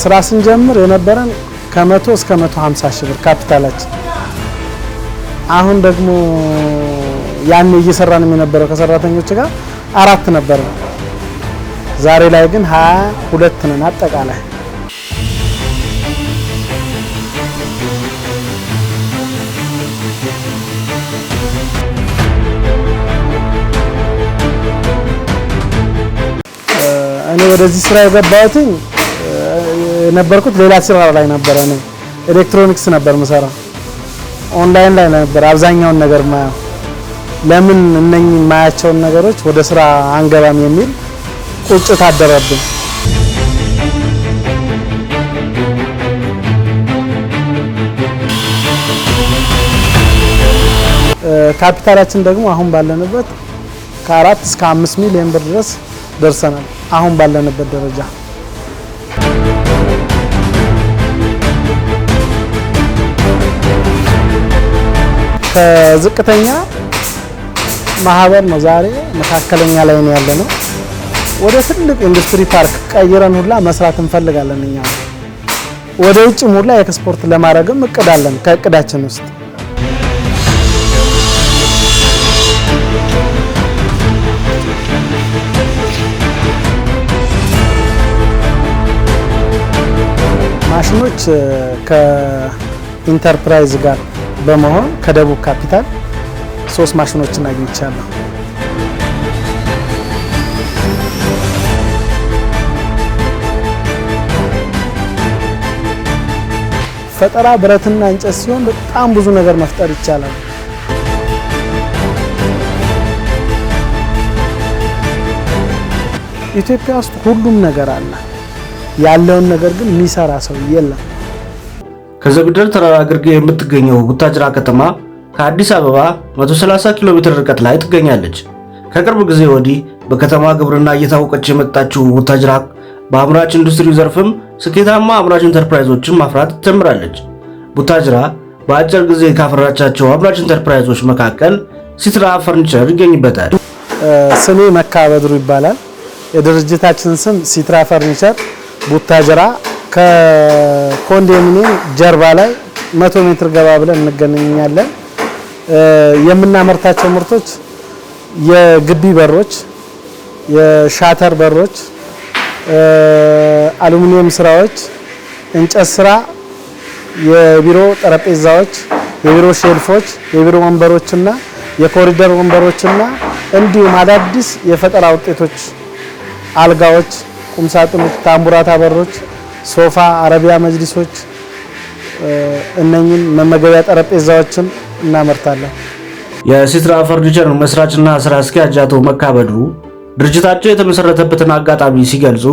ስራ ስንጀምር የነበረን ከመቶ እስከ መቶ ሀምሳ ሺህ ብር ካፒታላችን። አሁን ደግሞ ያኔ እየሰራን የነበረው ከሰራተኞች ጋር አራት ነበር። ዛሬ ላይ ግን ሀያ ሁለት ነን አጠቃላይ እኔ ወደዚህ ስራ የገባሁትኝ የነበርኩት ሌላ ስራ ላይ ነበረ። እኔ ኤሌክትሮኒክስ ነበር ምሰራ። ኦንላይን ላይ ነበር አብዛኛውን ነገር ማያ ለምን እነኚህ የማያቸውን ነገሮች ወደ ስራ አንገባም የሚል ቁጭት አደረብን። ካፒታላችን ደግሞ አሁን ባለንበት ከአራት እስከ አምስት ሚሊዮን ብር ድረስ ደርሰናል። አሁን ባለንበት ደረጃ ከዝቅተኛ ማህበር ነው ዛሬ መካከለኛ ላይ ነው ነው። ወደ ትልቅ ኢንዱስትሪ ፓርክ ቀይረን ሁላ መስራት እንፈልጋለን። እኛ ወደ ውጭ ሁላ ኤክስፖርት ለማድረግም እቅድ አለን። ከእቅዳችን ውስጥ ማሽኖች ከኢንተርፕራይዝ ጋር በመሆን ከደቡብ ካፒታል ሶስት ማሽኖችን አግኝቻለሁ። ፈጠራ ብረትና እንጨት ሲሆን በጣም ብዙ ነገር መፍጠር ይቻላል። ኢትዮጵያ ውስጥ ሁሉም ነገር አለ። ያለውን ነገር ግን የሚሰራ ሰው የለም። ከዘብደር ተራራ ግርጌ የምትገኘው ቡታጅራ ከተማ ከአዲስ አበባ 130 ኪሎ ሜትር ርቀት ላይ ትገኛለች። ከቅርብ ጊዜ ወዲህ በከተማ ግብርና እየታወቀች የመጣችው ቡታጅራ በአምራች ኢንዱስትሪ ዘርፍም ስኬታማ አምራች ኢንተርፕራይዞችን ማፍራት ትጀምራለች። ቡታጅራ በአጭር ጊዜ ካፈራቻቸው አምራች ኢንተርፕራይዞች መካከል ሲትራ ፈርኒቸር ይገኝበታል። ስሜ መካ በድሩ ይባላል። የድርጅታችን ስም ሲትራ ፈርኒቸር ቡታጅራ ከኮንዶሚኒየም ጀርባ ላይ መቶ ሜትር ገባ ብለን እንገናኛለን። የምናመርታቸው ምርቶች የግቢ በሮች፣ የሻተር በሮች፣ አሉሚኒየም ስራዎች፣ እንጨት ስራ፣ የቢሮ ጠረጴዛዎች፣ የቢሮ ሼልፎች፣ የቢሮ ወንበሮችና የኮሪደር ወንበሮችና እንዲሁም አዳዲስ የፈጠራ ውጤቶች፣ አልጋዎች፣ ቁምሳጥኖች፣ ታምቡራታ በሮች ሶፋ፣ አረቢያ መጅሊሶች እነኝን መመገቢያ ጠረጴዛዎችን እናመርታለን። የሲትራ ፈርኒቸር መስራችና ስራ አስኪያጅ አቶ መካበዱ ድርጅታቸው የተመሰረተበትን አጋጣሚ ሲገልጹ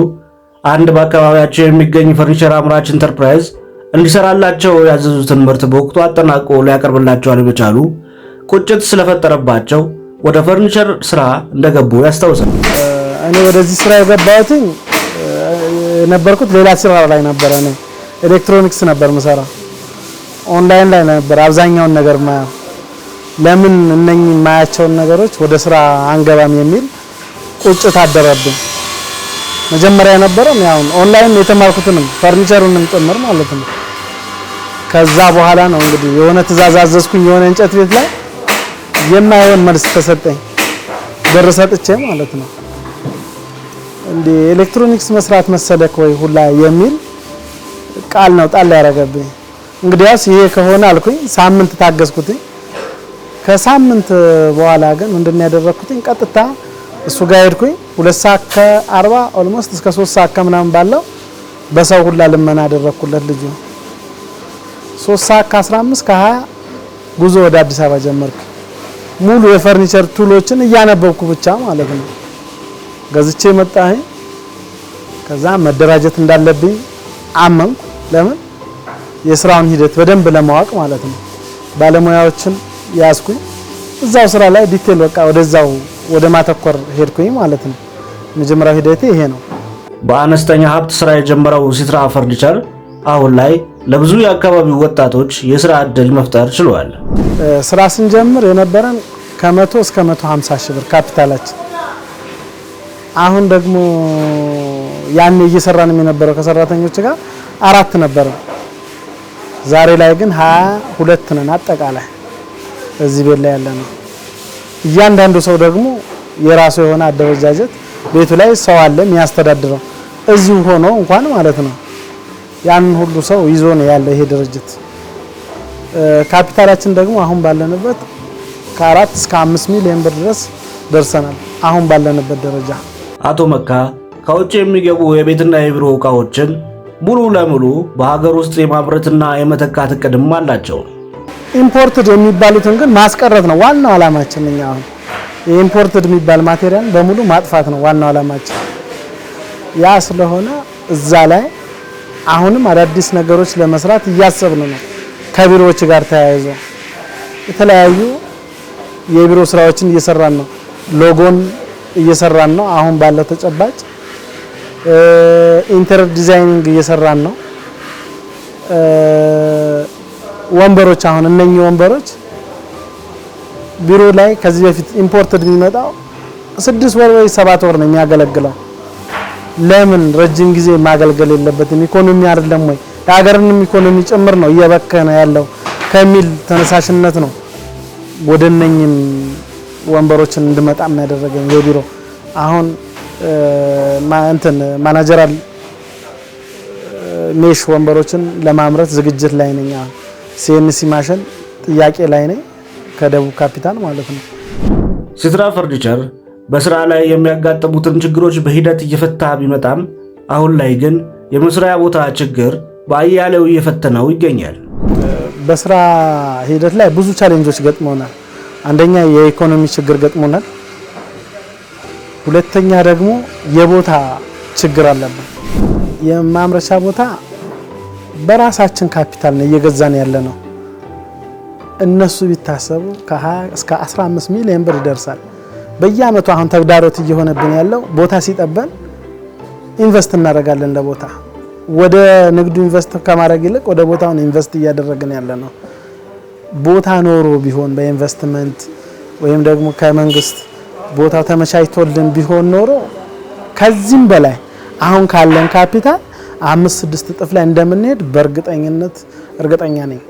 አንድ በአካባቢያቸው የሚገኝ ፈርኒቸር አምራች ኢንተርፕራይዝ እንዲሰራላቸው ያዘዙትን ምርት በወቅቱ አጠናቆ ሊያቀርብላቸው አለመቻሉ ቁጭት ስለፈጠረባቸው ወደ ፈርኒቸር ስራ እንደገቡ ያስታውሳል። እኔ ወደዚህ ስራ የገባሁት የነበርኩት ሌላ ስራ ላይ ነበረ። እኔ ኤሌክትሮኒክስ ነበር ምሰራ። ኦንላይን ላይ ነበር አብዛኛውን ነገር ማየው። ለምን እነኚህ የማያቸውን ነገሮች ወደ ስራ አንገባም የሚል ቁጭት አደረብኝ። መጀመሪያ የነበረም ያው ኦንላይን የተማርኩትንም ፈርኒቸሩንም ጭምር ማለት ነው። ከዛ በኋላ ነው እንግዲህ የሆነ ትእዛዝ አዘዝኩኝ የሆነ እንጨት ቤት ላይ የማይሆን መልስ ተሰጠኝ። ብር ሰጥቼ ማለት ነው እንደ ኤሌክትሮኒክስ መስራት መሰለክ ወይ ሁላ የሚል ቃል ነው ጣል ያደረገብኝ። እንግዲያውስ ይሄ ከሆነ አልኩኝ። ሳምንት ታገዝኩትኝ። ከሳምንት በኋላ ግን ምንድነው ያደረኩትኝ? ቀጥታ እሱ ጋር ሄድኩኝ። ሁለት ሰዓት ከአርባ ኦልሞስት እስከ ሶስት ሰዓት ከምናምን ባለው በሰው ሁላ ልመና አደረኩለት ልጅ ሶስት ሰዓት ከ15 ከ20 ጉዞ ወደ አዲስ አበባ ጀመርኩ። ሙሉ የፈርኒቸር ቱሎችን እያነበብኩ ብቻ ማለት ነው። ገዝቼ መጣሁ። ከዛ መደራጀት እንዳለብኝ አመንኩ። ለምን የስራውን ሂደት በደንብ ለማወቅ ማለት ነው። ባለሙያዎችን ያዝኩኝ። እዛው ስራ ላይ ዲቴል በቃ ወደዛው ወደ ማተኮር ሄድኩኝ ማለት ነው። መጀመሪያው ሂደቴ ይሄ ነው። በአነስተኛ ሀብት ስራ የጀመረው ሲትራ ፈርኒቸር አሁን ላይ ለብዙ የአካባቢው ወጣቶች የስራ እድል መፍጠር ችሏል። ስራ ስንጀምር የነበረን ከመቶ እስከ መቶ ሺህ ብር ካፒታላችን አሁን ደግሞ ያኔ እየሰራን የነበረው ከሰራተኞች ጋር አራት ነበር። ዛሬ ላይ ግን ሀያ ሁለት ነን አጠቃላይ እዚህ ቤት ላይ ነው። እያንዳንዱ ሰው ደግሞ የራሱ የሆነ አደረጃጀት ቤቱ ላይ ሰው አለ የሚያስተዳድረው እዚሁ ሆኖ እንኳን ማለት ነው። ያንን ሁሉ ሰው ይዞ ነው ያለ ይሄ ድርጅት። ካፒታላችን ደግሞ አሁን ባለንበት ከአራት እስከ አምስት ሚሊዮን ብር ድረስ ደርሰናል። አሁን ባለንበት ደረጃ አቶ መካ ከውጭ የሚገቡ የቤትና የቢሮ ዕቃዎችን ሙሉ ለሙሉ በሀገር ውስጥ የማምረትና የመተካት እቅድም አላቸው። ኢምፖርትድ የሚባሉትን ግን ማስቀረት ነው ዋናው ዓላማችን። እኛ አሁን የኢምፖርትድ የሚባል ማቴሪያል በሙሉ ማጥፋት ነው ዋናው ዓላማችን። ያ ስለሆነ እዛ ላይ አሁንም አዳዲስ ነገሮች ለመስራት እያሰብን ነው። ከቢሮዎች ጋር ተያይዞ የተለያዩ የቢሮ ስራዎችን እየሰራን ነው ሎጎን እየሰራን ነው። አሁን ባለው ተጨባጭ ኢንተር ዲዛይኒንግ እየሰራን ነው። ወንበሮች አሁን እነኚህ ወንበሮች ቢሮ ላይ ከዚህ በፊት ኢምፖርትድ የሚመጣው ስድስት ወር ወይ ሰባት ወር ነው የሚያገለግለው። ለምን ረጅም ጊዜ ማገልገል የለበትም? ኢኮኖሚ አይደለም ወይ የሀገርንም ኢኮኖሚ ጭምር ነው እየበከነ ያለው ከሚል ተነሳሽነት ነው ወደ እነኚህም ወንበሮችን እንድመጣም ነው ያደረገኝ የቢሮ አሁን እንትን ማናጀራል ሜሽ ወንበሮችን ለማምረት ዝግጅት ላይ ነኝ። ሲኤንሲ ማሽን ጥያቄ ላይ ነኝ ከደቡብ ካፒታል ማለት ነው። ሲትራ ፈርኒቸር በስራ ላይ የሚያጋጥሙትን ችግሮች በሂደት እየፈታ ቢመጣም አሁን ላይ ግን የመስሪያ ቦታ ችግር በአያሌው እየፈተነው ይገኛል። በስራ ሂደት ላይ ብዙ ቻሌንጆች ገጥመውናል። አንደኛ የኢኮኖሚ ችግር ገጥሞናል። ሁለተኛ ደግሞ የቦታ ችግር አለብን። የማምረቻ ቦታ በራሳችን ካፒታል ነው እየገዛን ያለ ነው። እነሱ ቢታሰቡ ከ20 እስከ 15 ሚሊዮን ብር ይደርሳል በየአመቱ። አሁን ተግዳሮት እየሆነብን ያለው ቦታ ሲጠበን ኢንቨስት እናደርጋለን ለቦታ ወደ ንግዱ ኢንቨስት ከማድረግ ይልቅ ወደ ቦታውን ኢንቨስት እያደረግን ያለ ነው። ቦታ ኖሮ ቢሆን በኢንቨስትመንት ወይም ደግሞ ከመንግስት ቦታ ተመቻችቶልን ቢሆን ኖሮ ከዚህም በላይ አሁን ካለን ካፒታል አምስት ስድስት እጥፍ ላይ እንደምንሄድ በእርግጠኝነት እርግጠኛ ነኝ።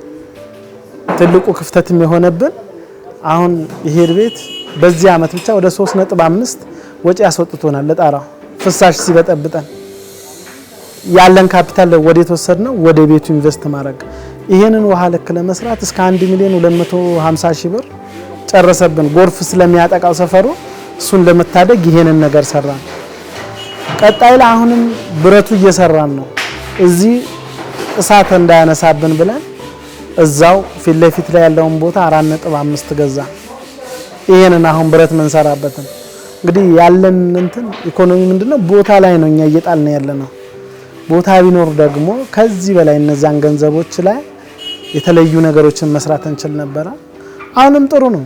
ትልቁ ክፍተትም የሆነብን አሁን ይሄድ ቤት በዚህ አመት ብቻ ወደ 3.5 ወጪ ያስወጥቶናል። ለጣራ ፍሳሽ ሲበጠብጠን ያለን ካፒታል ወደ የተወሰድ ነው ወደ ቤቱ ኢንቨስት ማድረግ ይሄንን ውሃ ልክ ለመስራት እስከ 1 ሚሊዮን 250 ሺህ ብር ጨረሰብን። ጎርፍ ስለሚያጠቃው ሰፈሩ እሱን ለመታደግ ይሄንን ነገር ሰራን። ቀጣይ ላይ አሁንም ብረቱ እየሰራን ነው። እዚህ እሳት እንዳያነሳብን ብለን እዛው ፊት ለፊት ላይ ያለውን ቦታ 4.5 ገዛ። ይሄንን አሁን ብረት ምንሰራበትን እንግዲህ ያለን እንትን ኢኮኖሚ ምንድነው ቦታ ላይ ነው እኛ እየጣልን ያለ ነው። ቦታ ቢኖር ደግሞ ከዚህ በላይ እነዛን ገንዘቦች ላይ የተለዩ ነገሮችን መስራት እንችል ነበረ። አሁንም ጥሩ ነው።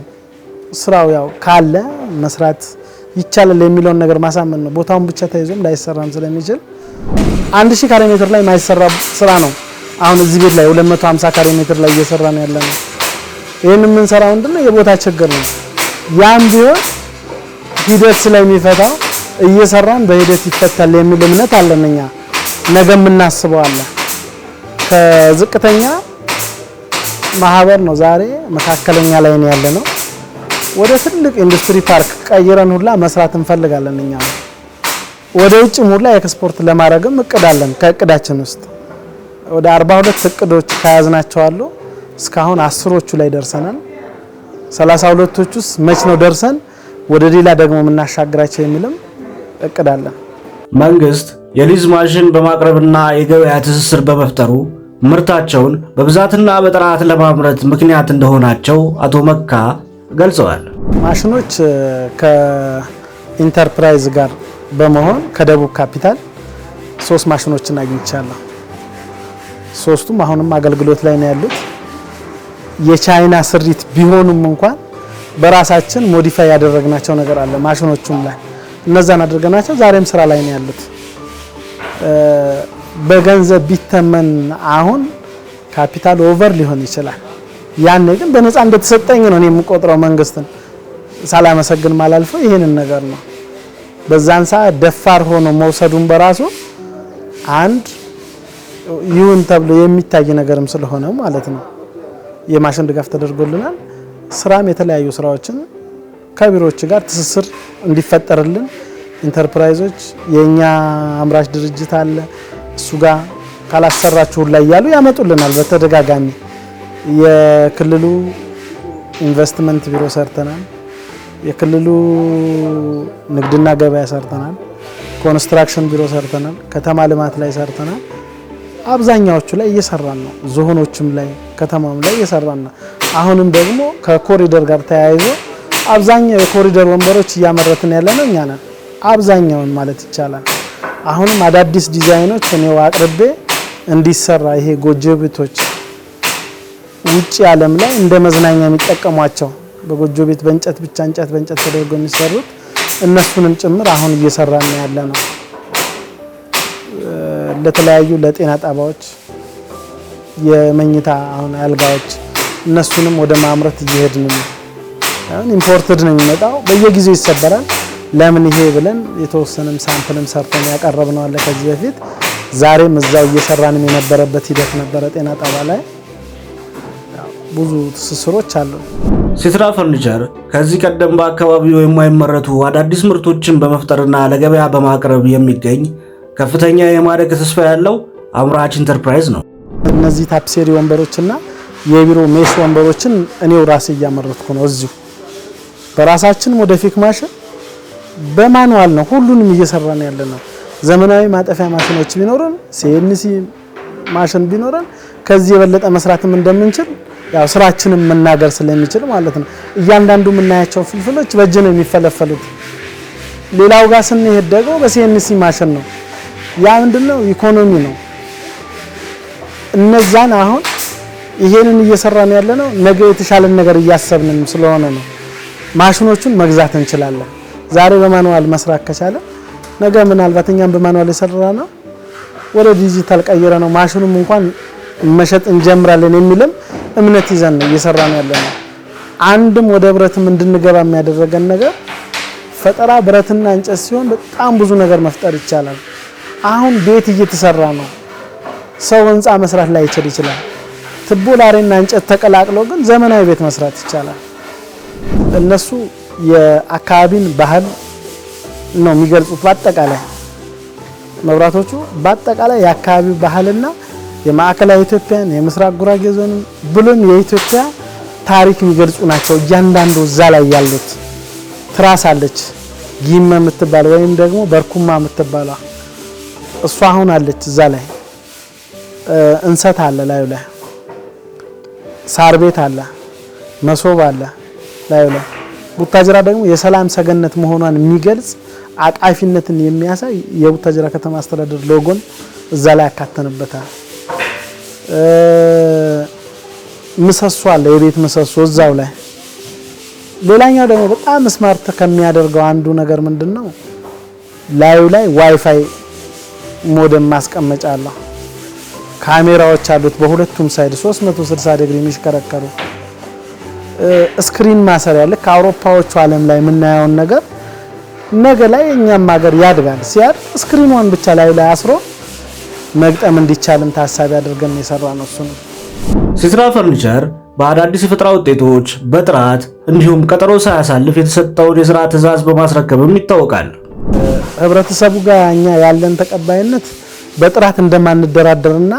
ስራው ያው ካለ መስራት ይቻላል የሚለውን ነገር ማሳመን ነው። ቦታውን ብቻ ተይዞም ላይሰራም ስለሚችል አንድ ሺህ ካሬ ሜትር ላይ የማይሰራ ስራ ነው። አሁን እዚህ ቤት ላይ 250 ካሬ ሜትር ላይ እየሰራ ነው ያለ ነው። ይህን የምንሰራው ምንድነው የቦታ ችግር ነው። ያም ቢሆን ሂደት ስለሚፈታው እየሰራን በሂደት ይፈታል የሚል እምነት አለን። እኛ ነገ የምናስበው አለ ከዝቅተኛ ማህበር ነው። ዛሬ መካከለኛ ላይ ነው ያለ ነው። ወደ ትልቅ ኢንዱስትሪ ፓርክ ቀይረን ሁላ መስራት እንፈልጋለን። እኛ ወደ ውጭም ሁላ ኤክስፖርት ለማድረግም አለን ከእቅዳችን ውስጥ ወደ 42 እቅዶች ከያዝናቸው አሉ። እስካሁን አስሮቹ ላይ ደርሰናል። 32ቶቹ ውስጥ መች ነው ደርሰን ወደ ሌላ ደግሞ የምናሻግራቸው የሚልም እቅዳለን። መንግስት የሊዝ ማሽን በማቅረብና የገበያ ትስስር በመፍጠሩ ምርታቸውን በብዛትና በጥራት ለማምረት ምክንያት እንደሆናቸው አቶ መካ ገልጸዋል። ማሽኖች ከኢንተርፕራይዝ ጋር በመሆን ከደቡብ ካፒታል ሶስት ማሽኖችን አግኝቻለሁ። ሶስቱም አሁንም አገልግሎት ላይ ነው ያሉት። የቻይና ስሪት ቢሆኑም እንኳን በራሳችን ሞዲፋይ ያደረግናቸው ነገር አለ ማሽኖቹም ላይ እነዛን አድርገናቸው ዛሬም ስራ ላይ ነው ያሉት። በገንዘብ ቢተመን አሁን ካፒታል ኦቨር ሊሆን ይችላል። ያኔ ግን በነፃ እንደተሰጠኝ ነው እኔ የምቆጥረው። መንግስትን ሳላመሰግን ማላልፈው ይህንን ነገር ነው። በዛን ሰዓት ደፋር ሆኖ መውሰዱን በራሱ አንድ ይሁን ተብሎ የሚታይ ነገርም ስለሆነ ማለት ነው። የማሽን ድጋፍ ተደርጎልናል። ስራም የተለያዩ ስራዎችን ከቢሮዎች ጋር ትስስር እንዲፈጠርልን ኢንተርፕራይዞች የእኛ አምራች ድርጅት አለ እሱ ጋር ካላሰራችሁን ላይ እያሉ ያመጡልናል በተደጋጋሚ የክልሉ ኢንቨስትመንት ቢሮ ሰርተናል። የክልሉ ንግድና ገበያ ሰርተናል። ኮንስትራክሽን ቢሮ ሰርተናል። ከተማ ልማት ላይ ሰርተናል። አብዛኛዎቹ ላይ እየሰራን ነው። ዞኖችም ላይ ከተማም ላይ እየሰራን ነው። አሁንም ደግሞ ከኮሪደር ጋር ተያይዞ አብዛኛው የኮሪደር ወንበሮች እያመረትን ነው እኛ ነን። አብዛኛውን ማለት ይቻላል አሁንም አዳዲስ ዲዛይኖች እኔው አቅርቤ እንዲሰራ ይሄ ጎጆ ቤቶች ውጭ ዓለም ላይ እንደ መዝናኛ የሚጠቀሟቸው በጎጆ ቤት በእንጨት ብቻ እንጨት በእንጨት ተደርገው የሚሰሩት እነሱንም ጭምር አሁን እየሰራን ያለ ነው። ለተለያዩ ለጤና ጣቢያዎች የመኝታ አሁን አልጋዎች እነሱንም ወደ ማምረት እየሄድን ነው። ኢምፖርትድ ነው የሚመጣው፣ በየጊዜው ይሰበራል። ለምን ይሄ ብለን የተወሰነም ሳምፕልም ሰርተን ያቀረብነው አለ ከዚህ በፊት። ዛሬም እዛው እየሰራንም የነበረበት ሂደት ነበረ። ጤና ጣባ ላይ ብዙ ትስስሮች አሉ። ሲትራ ፈርኒቸር ከዚህ ቀደም በአካባቢው የማይመረቱ አዳዲስ ምርቶችን በመፍጠርና ለገበያ በማቅረብ የሚገኝ ከፍተኛ የማደግ ተስፋ ያለው አምራች ኢንተርፕራይዝ ነው። እነዚህ ታፕሴሪ ወንበሮችና የቢሮ ሜስ ወንበሮችን እኔው ራሴ እያመረትኩ ነው። እዚሁ በራሳችን ወደፊት ማሽን በማንዋል ነው ሁሉንም እየሰራ ነው ያለ ነው። ዘመናዊ ማጠፊያ ማሽኖች ቢኖሩን ሲኤንሲ ማሽን ቢኖረን ከዚህ የበለጠ መስራትም እንደምንችል ያው ስራችንም መናገር ስለሚችል ማለት ነው። እያንዳንዱ የምናያቸው ፍልፍሎች በእጅ ነው የሚፈለፈሉት። ሌላው ጋር ስንሄድ ደግሞ በሲኤንሲ ማሽን ነው። ያ ምንድነው ኢኮኖሚ ነው። እነዛን አሁን ይሄንን እየሰራን ነው። ነገ የተሻለን ነገር እያሰብንም ስለሆነ ነው። ማሽኖቹን መግዛት እንችላለን። ዛሬ በማንዋል መስራት ከቻለ ነገ ምናልባት እኛም በማንዋል የሰራ ነው ወደ ዲጂታል ቀይረ ነው ማሽኑም እንኳን መሸጥ እንጀምራለን የሚልም እምነት ይዘን ነው እየሰራ ነው ያለ ነው። አንድም ወደ ብረትም እንድንገባ የሚያደረገን ነገር ፈጠራ ብረትና እንጨት ሲሆን በጣም ብዙ ነገር መፍጠር ይቻላል። አሁን ቤት እየተሰራ ነው። ሰው ህንፃ መስራት ላይ ይችል ይችላል። ትቦ ላሬና እንጨት ተቀላቅሎ ግን ዘመናዊ ቤት መስራት ይቻላል። እነሱ የአካባቢን ባህል ነው የሚገልጹት። በአጠቃላይ መብራቶቹ በአጠቃላይ የአካባቢው ባህልና የማዕከላዊ ኢትዮጵያን የምስራቅ ጉራጌ ዞን ብሎም የኢትዮጵያ ታሪክ የሚገልጹ ናቸው። እያንዳንዱ እዛ ላይ ያሉት ትራስ አለች ጊመ የምትባል ወይም ደግሞ በርኩማ የምትባሏ እሷ አሁን አለች። እዛ ላይ እንሰት አለ፣ ላዩ ላይ ሳር ቤት አለ፣ መሶብ አለ ላዩ ላይ ቡታጅራ ደግሞ የሰላም ሰገነት መሆኗን የሚገልጽ አቃፊነትን የሚያሳይ የቡታጅራ ከተማ አስተዳደር ሎጎን እዛ ላይ ያካተንበታል። ምሰሶ አለ፣ የቤት ምሰሶ እዛው ላይ። ሌላኛው ደግሞ በጣም ስማርት ከሚያደርገው አንዱ ነገር ምንድን ነው? ላዩ ላይ ዋይፋይ ሞደም ማስቀመጫ አለው። ካሜራዎች አሉት በሁለቱም ሳይድ 360 ዲግሪ የሚሽከረከሩ ስክሪን ማሰሪያ ልክ አውሮፓዎቹ ዓለም ላይ የምናየውን ነገር ነገ ላይ እኛም ሀገር ያድጋል። ሲያድ ስክሪኗን ብቻ ላይ ላይ አስሮ መግጠም እንዲቻልም ታሳቢ አድርገን የሰራ ነው። እሱ ነው ፈርኒቸር በአዳዲስ የፈጠራ ውጤቶች በጥራት እንዲሁም ቀጠሮ ሳያሳልፍ የተሰጠውን የስራ ትዕዛዝ በማስረከብም ይታወቃል። ህብረተሰቡ ጋር እኛ ያለን ተቀባይነት በጥራት እንደማንደራደርና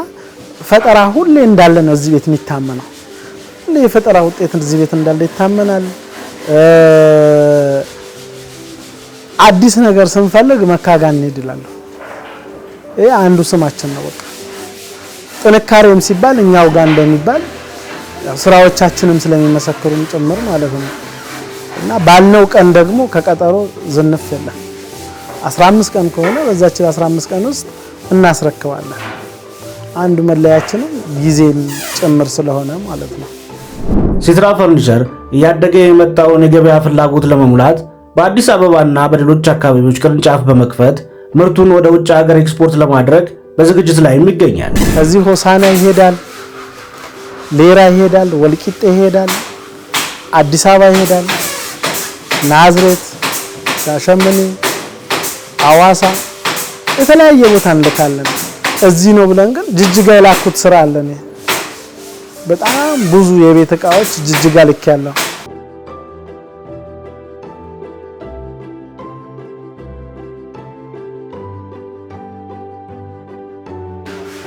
ፈጠራ ሁሌ እንዳለ ነው እዚህ ቤት የሚታመነው። የፈጠራ ውጤት እዚህ ቤት እንዳለ ይታመናል። አዲስ ነገር ስንፈልግ መካጋ እንሄድላለሁ። ይሄ አንዱ ስማችን ነው። በቃ ጥንካሬም ሲባል እኛው ጋር እንደሚባል ስራዎቻችንም ስለሚመሰክሩም ጭምር ማለት ነው። እና ባልነው ቀን ደግሞ ከቀጠሮ ዝንፍ የለም። 15 ቀን ከሆነ በዛች 15 ቀን ውስጥ እናስረክባለን። አንዱ መለያችንም ጊዜም ጭምር ስለሆነ ማለት ነው። ሲትራ ፈርኒቸር እያደገ የመጣውን የገበያ ፍላጎት ለመሙላት በአዲስ አበባና በሌሎች አካባቢዎች ቅርንጫፍ በመክፈት ምርቱን ወደ ውጭ ሀገር ኤክስፖርት ለማድረግ በዝግጅት ላይም ይገኛል። እዚህ ሆሳና ይሄዳል፣ ሌራ ይሄዳል፣ ወልቂጤ ይሄዳል፣ አዲስ አበባ ይሄዳል፣ ናዝሬት፣ ሻሸመኔ፣ አዋሳ የተለያየ ቦታ እንልካለን። እዚህ ነው ብለን ግን ጅጅጋ የላኩት ስራ አለን። በጣም ብዙ የቤት እቃዎች ጅጅጋ ልክ ያለው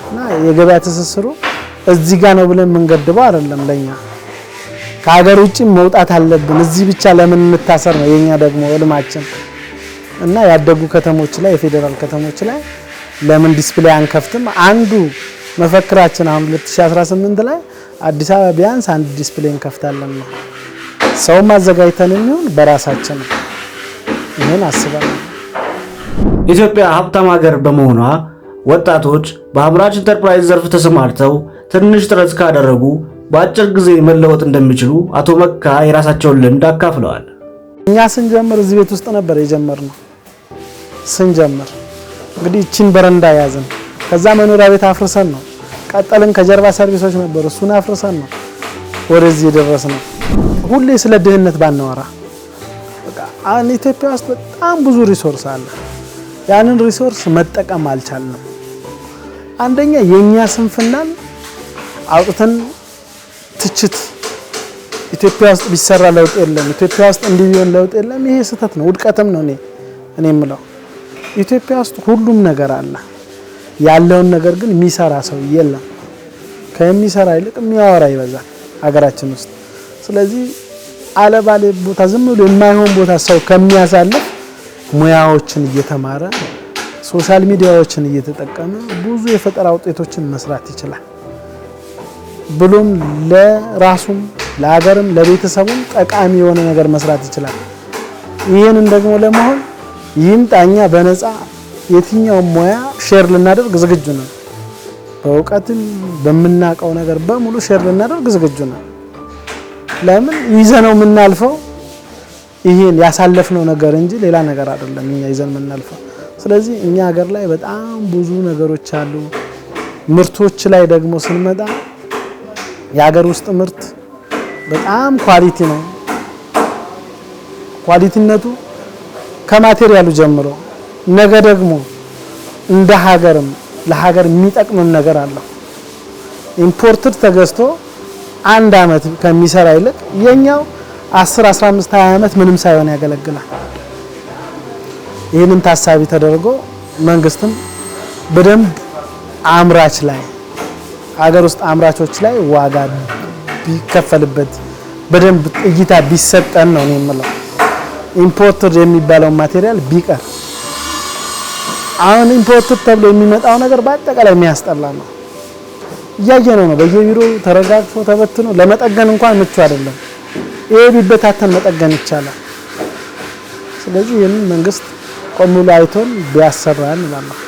እና የገበያ ትስስሩ እዚህ ጋ ነው ብለን የምንገድበው አይደለም። ለኛ ከሀገር ውጭ መውጣት አለብን። እዚህ ብቻ ለምን እንታሰር ነው የኛ ደግሞ እልማችን እና ያደጉ ከተሞች ላይ የፌዴራል ከተሞች ላይ ለምን ዲስፕሌይ አንከፍትም አንዱ መፈክራችን አሁን 2018 ላይ አዲስ አበባ ቢያንስ አንድ ዲስፕሌይ እንከፍታለን ነው። ሰውም አዘጋጅተን የሚሆን በራሳችን ይህን አስባለ። ኢትዮጵያ ሀብታም ሀገር በመሆኗ ወጣቶች በአምራች ኢንተርፕራይዝ ዘርፍ ተሰማርተው ትንሽ ጥረት ካደረጉ በአጭር ጊዜ መለወጥ እንደሚችሉ አቶ መካ የራሳቸውን ልምድ አካፍለዋል። እኛ ስንጀምር እዚህ ቤት ውስጥ ነበር የጀመርነው። ስንጀምር እንግዲህ እቺን በረንዳ ያዝን፣ ከዛ መኖሪያ ቤት አፍርሰን ነው ቀጠልን። ከጀርባ ሰርቪሶች ነበሩ። እሱን አፍርሰን ነው ወደዚህ የደረስነው። ሁሌ ስለ ድህነት ባናወራ፣ ኢትዮጵያ ውስጥ በጣም ብዙ ሪሶርስ አለ። ያንን ሪሶርስ መጠቀም አልቻልንም። አንደኛ የእኛ ስንፍናን አውጥተን ትችት ኢትዮጵያ ውስጥ ቢሰራ ለውጥ የለም፣ ኢትዮጵያ ውስጥ እንዲህ ቢሆን ለውጥ የለም። ይሄ ስህተት ነው፣ ውድቀትም ነው። እኔ እኔ የምለው ኢትዮጵያ ውስጥ ሁሉም ነገር አለ። ያለውን ነገር ግን የሚሰራ ሰው የለም። ከሚሰራ ይልቅ የሚያወራ ይበዛል ሀገራችን ውስጥ። ስለዚህ አለባሌ ቦታ ዝም ብሎ የማይሆን ቦታ ሰው ከሚያሳልፍ ሙያዎችን እየተማረ ሶሻል ሚዲያዎችን እየተጠቀመ ብዙ የፈጠራ ውጤቶችን መስራት ይችላል። ብሎም ለራሱም ለሀገርም ለቤተሰቡም ጠቃሚ የሆነ ነገር መስራት ይችላል። ይህንን ደግሞ ለመሆን ይምጣኛ በነፃ የትኛውም ሙያ ሼር ልናደርግ ዝግጁ ነን። በእውቀትም በምናውቀው ነገር በሙሉ ሼር ልናደርግ ዝግጁ ነን። ለምን ይዘነው የምናልፈው ይሄን ያሳለፍነው ነገር እንጂ ሌላ ነገር አይደለም እኛ ይዘን የምናልፈው። ስለዚህ እኛ ሀገር ላይ በጣም ብዙ ነገሮች አሉ። ምርቶች ላይ ደግሞ ስንመጣ የሀገር ውስጥ ምርት በጣም ኳሊቲ ነው። ኳሊቲነቱ ከማቴሪያሉ ጀምሮ ነገ ደግሞ እንደ ሀገርም ለሀገር የሚጠቅምም ነገር አለው። ኢምፖርትድ ተገዝቶ አንድ አመት ከሚሰራ ይልቅ የኛው 10፣ 15፣ 20 አመት ምንም ሳይሆን ያገለግላል። ይህንን ታሳቢ ተደርጎ መንግስትም በደንብ አምራች ላይ ሀገር ውስጥ አምራቾች ላይ ዋጋ ቢከፈልበት በደንብ እይታ ቢሰጠን ነው የምለው። ኢምፖርትድ የሚባለው ማቴሪያል ቢቀር አሁን ኢምፖርትድ ተብሎ የሚመጣው ነገር በአጠቃላይ የሚያስጠላ ነው። እያየነው ነው። በየቢሮ ተረጋግፎ ተበትኖ ለመጠገን እንኳን ምቹ አይደለም። ይሄ ቢበታተን መጠገን ይቻላል። ስለዚህ ይህንን መንግስት ቆም ብሎ አይቶን ቢያሰራን ማለት ነው።